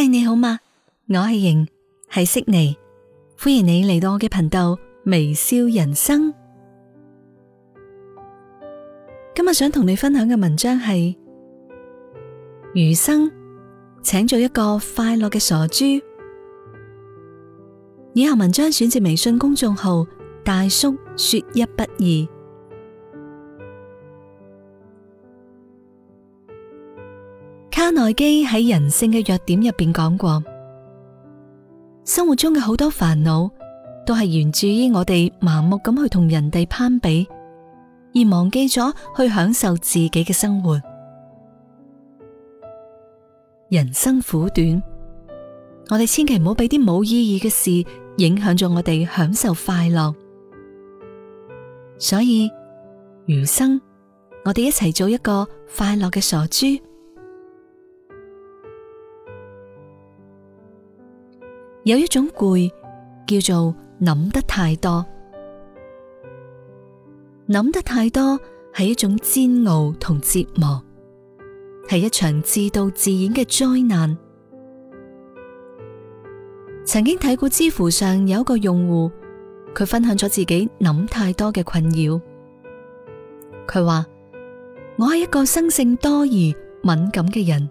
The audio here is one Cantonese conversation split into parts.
嗨，你好嗎？我係瑩，係悉尼，歡迎你嚟到我嘅頻道微笑人生。今日想同你分享嘅文章係《餘生，請做一個快樂嘅傻豬》。以下文章選自微信公眾號大叔說一不二。卡內基喺人性嘅弱點入邊講過，生活中嘅好多煩惱都係源自於我哋盲目咁去同人哋攀比，而忘記咗去享受自己嘅生活。人生苦短，我哋千祈唔好俾啲冇意義嘅事影響咗我哋享受快樂。所以，餘生我哋一齊做一個快樂嘅傻豬。有一種攰，叫做諗得太多。諗得太多係一種煎熬同折磨，係一場自導自演嘅災難。曾經睇過知乎上有一個用戶，佢分享咗自己諗太多嘅困擾。佢話：我係一個生性多疑、敏感嘅人。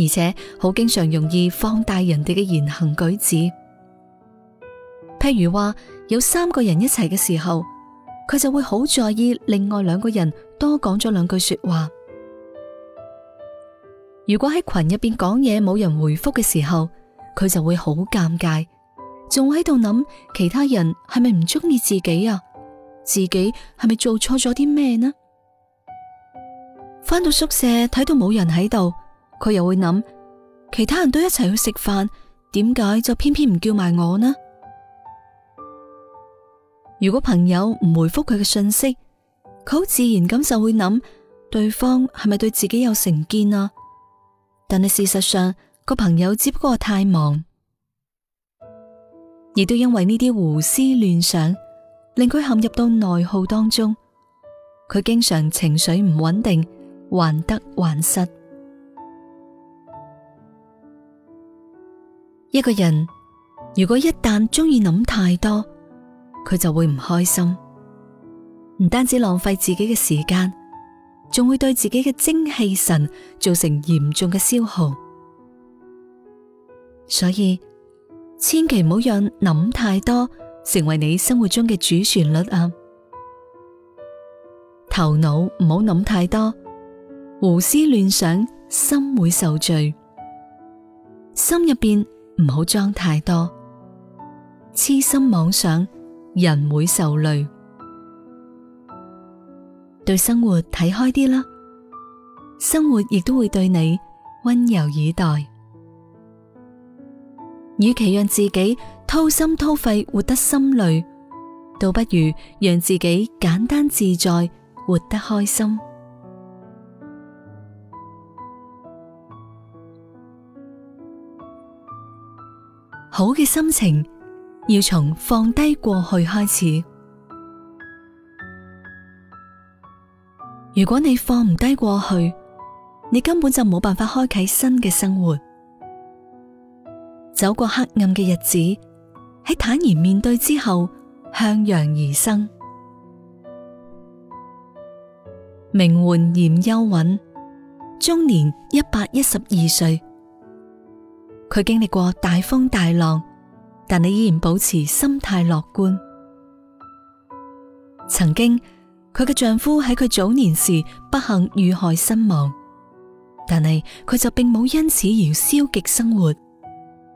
而且好經常容易放大人哋嘅言行舉止，譬如話有三個人一齊嘅時候，佢就會好在意另外兩個人多講咗兩句說話。如果喺群入邊講嘢冇人回覆嘅時候，佢就會好尷尬，仲喺度諗其他人係咪唔中意自己啊？自己係咪做錯咗啲咩呢？返到宿舍睇到冇人喺度。佢又會諗，其他人都一齊去食飯，點解就偏偏唔叫埋我呢？如果朋友唔回覆佢嘅信息，佢好自然咁就會諗，對方係咪對自己有成見啊？但係事實上，個朋友只不過太忙，亦都因為呢啲胡思亂想，令佢陷入到內耗當中。佢經常情緒唔穩定，患得患失。一個人如果一旦中意諗太多，佢就會唔開心，唔單止浪費自己嘅時間，仲會對自己嘅精氣神造成嚴重嘅消耗。所以千祈唔好讓諗太多成為你生活中嘅主旋律啊！頭腦唔好諗太多，胡思亂想，心會受罪，心入面，唔好裝太多，痴心妄想，人會受累。對生活睇開啲啦，生活亦都會對你溫柔以待。與其讓自己掏心掏肺活得心累，倒不如讓自己簡單自在，活得開心。好嘅心情要從放低過去開始。如果你放唔低過去，你根本就冇辦法開啟新嘅生活。走過黑暗嘅日子，喺坦然面對之後，向陽而生。名喚嚴幽韻，終年一百一十二歲。佢經歷過大風大浪，但你依然保持心態樂觀。曾經佢嘅丈夫喺佢早年時不幸遇害身亡，但係佢就並冇因此而消極生活。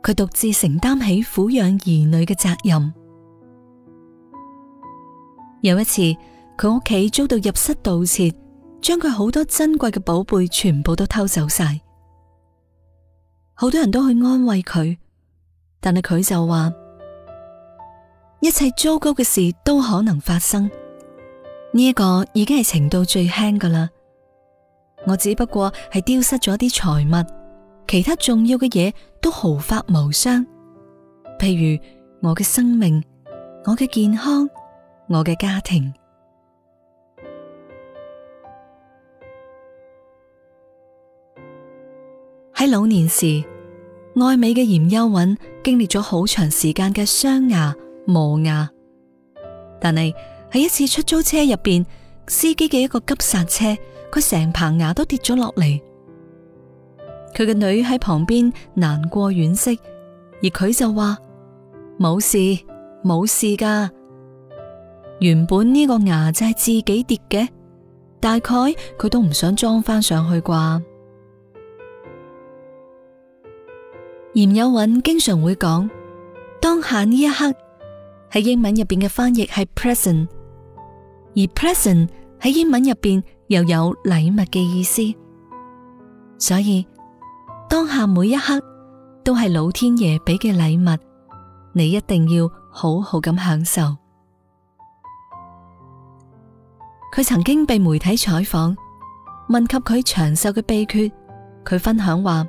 佢獨自承擔起撫養兒女嘅責任。有一次，佢屋企遭到入室盜竊，將佢好多珍貴嘅寶貝全部都偷走晒。好多人都去安慰佢，但係佢就話：一切糟糕嘅事都可能發生。呢一個已經係程度最輕噶啦。我只不過係丟失咗啲財物，其他重要嘅嘢都毫髮無傷，譬如我嘅生命、我嘅健康、我嘅家庭。喺老年時，愛美嘅嚴幼韻經歷咗好長時間嘅鑲牙磨牙，但係喺一次出租車入邊，司機嘅一個急剎車，佢成棚牙都跌咗落嚟。佢嘅女喺旁邊難過惋惜，而佢就話冇事冇事噶，原本呢個牙就係自己跌嘅，大概佢都唔想裝翻上去啩。嚴有韻，經常會講當下呢一刻，喺英文入邊嘅翻譯係 present，而 present 喺英文入邊又有禮物嘅意思，所以當下每一刻都係老天爺畀嘅禮物，你一定要好好咁享受。佢曾經被媒體採訪，問及佢長壽嘅秘訣，佢分享話。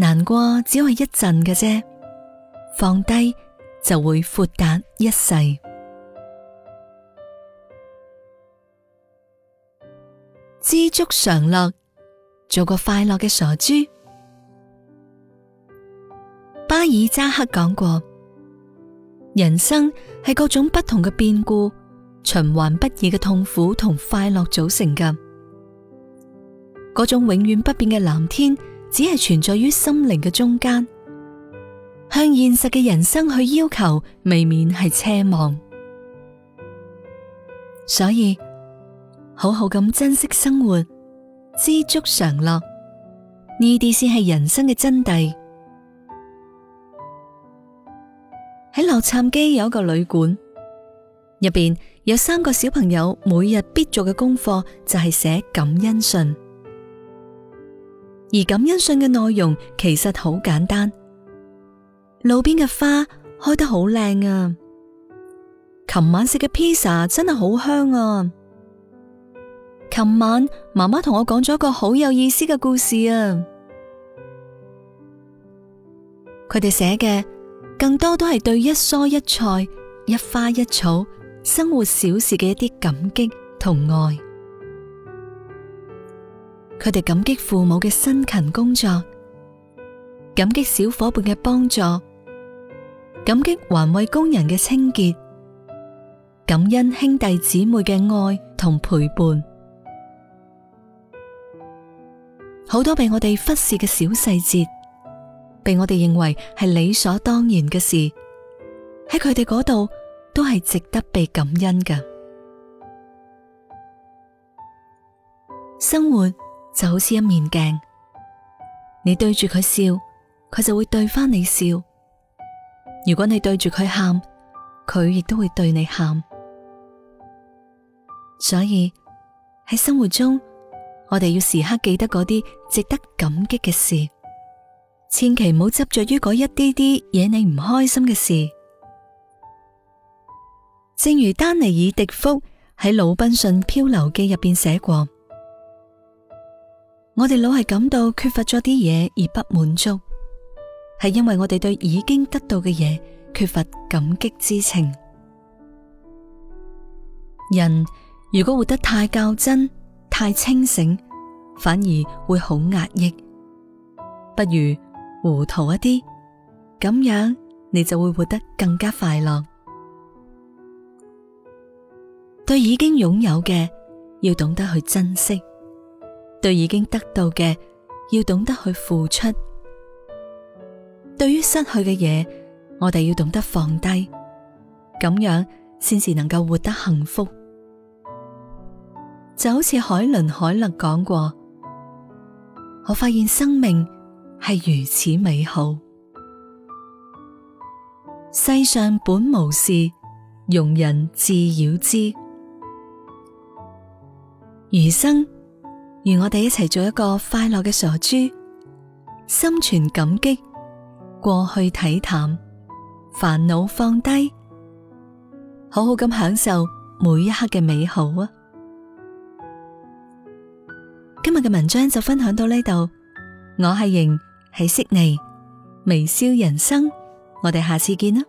難過只係一陣嘅啫，放低就會豁達一世。知足常樂，做個快樂嘅傻豬。巴爾扎克講過：人生係各種不同嘅變故，循環不已嘅痛苦同快樂組成嘅。各種永遠不變嘅藍天。只係存在於心靈嘅中間，向現實嘅人生去要求，未免係奢望。所以，好好咁珍惜生活，知足常樂，呢啲先係人生嘅真諦。喺洛杉磯有一個旅館，入邊有三個小朋友，每日必做嘅功課就係寫感恩信。而感恩信嘅內容其實好簡單，路邊嘅花開得好靚啊！琴晚食嘅披薩真係好香啊！琴晚媽媽同我講咗一個好有意思嘅故事啊！佢哋寫嘅更多都係對一蔬一菜、一花一草、生活小事嘅一啲感激同愛。佢哋感激父母嘅辛勤工作，感激小伙伴嘅幫助，感激環衛工人嘅清潔，感恩兄弟姊妹嘅愛同陪伴。好多被我哋忽視嘅小細節，被我哋認為係理所當然嘅事，喺佢哋嗰度都係值得被感恩嘅生活。就好似一面鏡，你對住佢笑，佢就會對翻你笑；如果你對住佢喊，佢亦都會對你喊。所以喺生活中，我哋要時刻記得嗰啲值得感激嘅事，千祈唔好執着於嗰一啲啲惹你唔開心嘅事。正如丹尼爾迪福喺《魯濱遜漂流記》入邊寫過。我哋老係感到缺乏咗啲嘢，而不滿足，係因為我哋對已經得到嘅嘢缺乏感激之情。人如果活得太較真、太清醒，反而會好壓抑。不如糊塗一啲，咁樣你就會活得更加快樂。對已經擁有嘅，要懂得去珍惜。對已經得到嘅，要懂得去付出；對於失去嘅嘢，我哋要懂得放低，咁樣先至能夠活得幸福。就好似海倫·海勒講過：我發現生命係如此美好。世上本無事，庸人自擾之。餘生。與我哋一齊做一個快樂嘅傻豬，心存感激，過去睇淡，煩惱放低，好好咁享受每一刻嘅美好啊！今日嘅文章就分享到呢度，我係瑩，喺悉尼微笑人生，我哋下次見啦。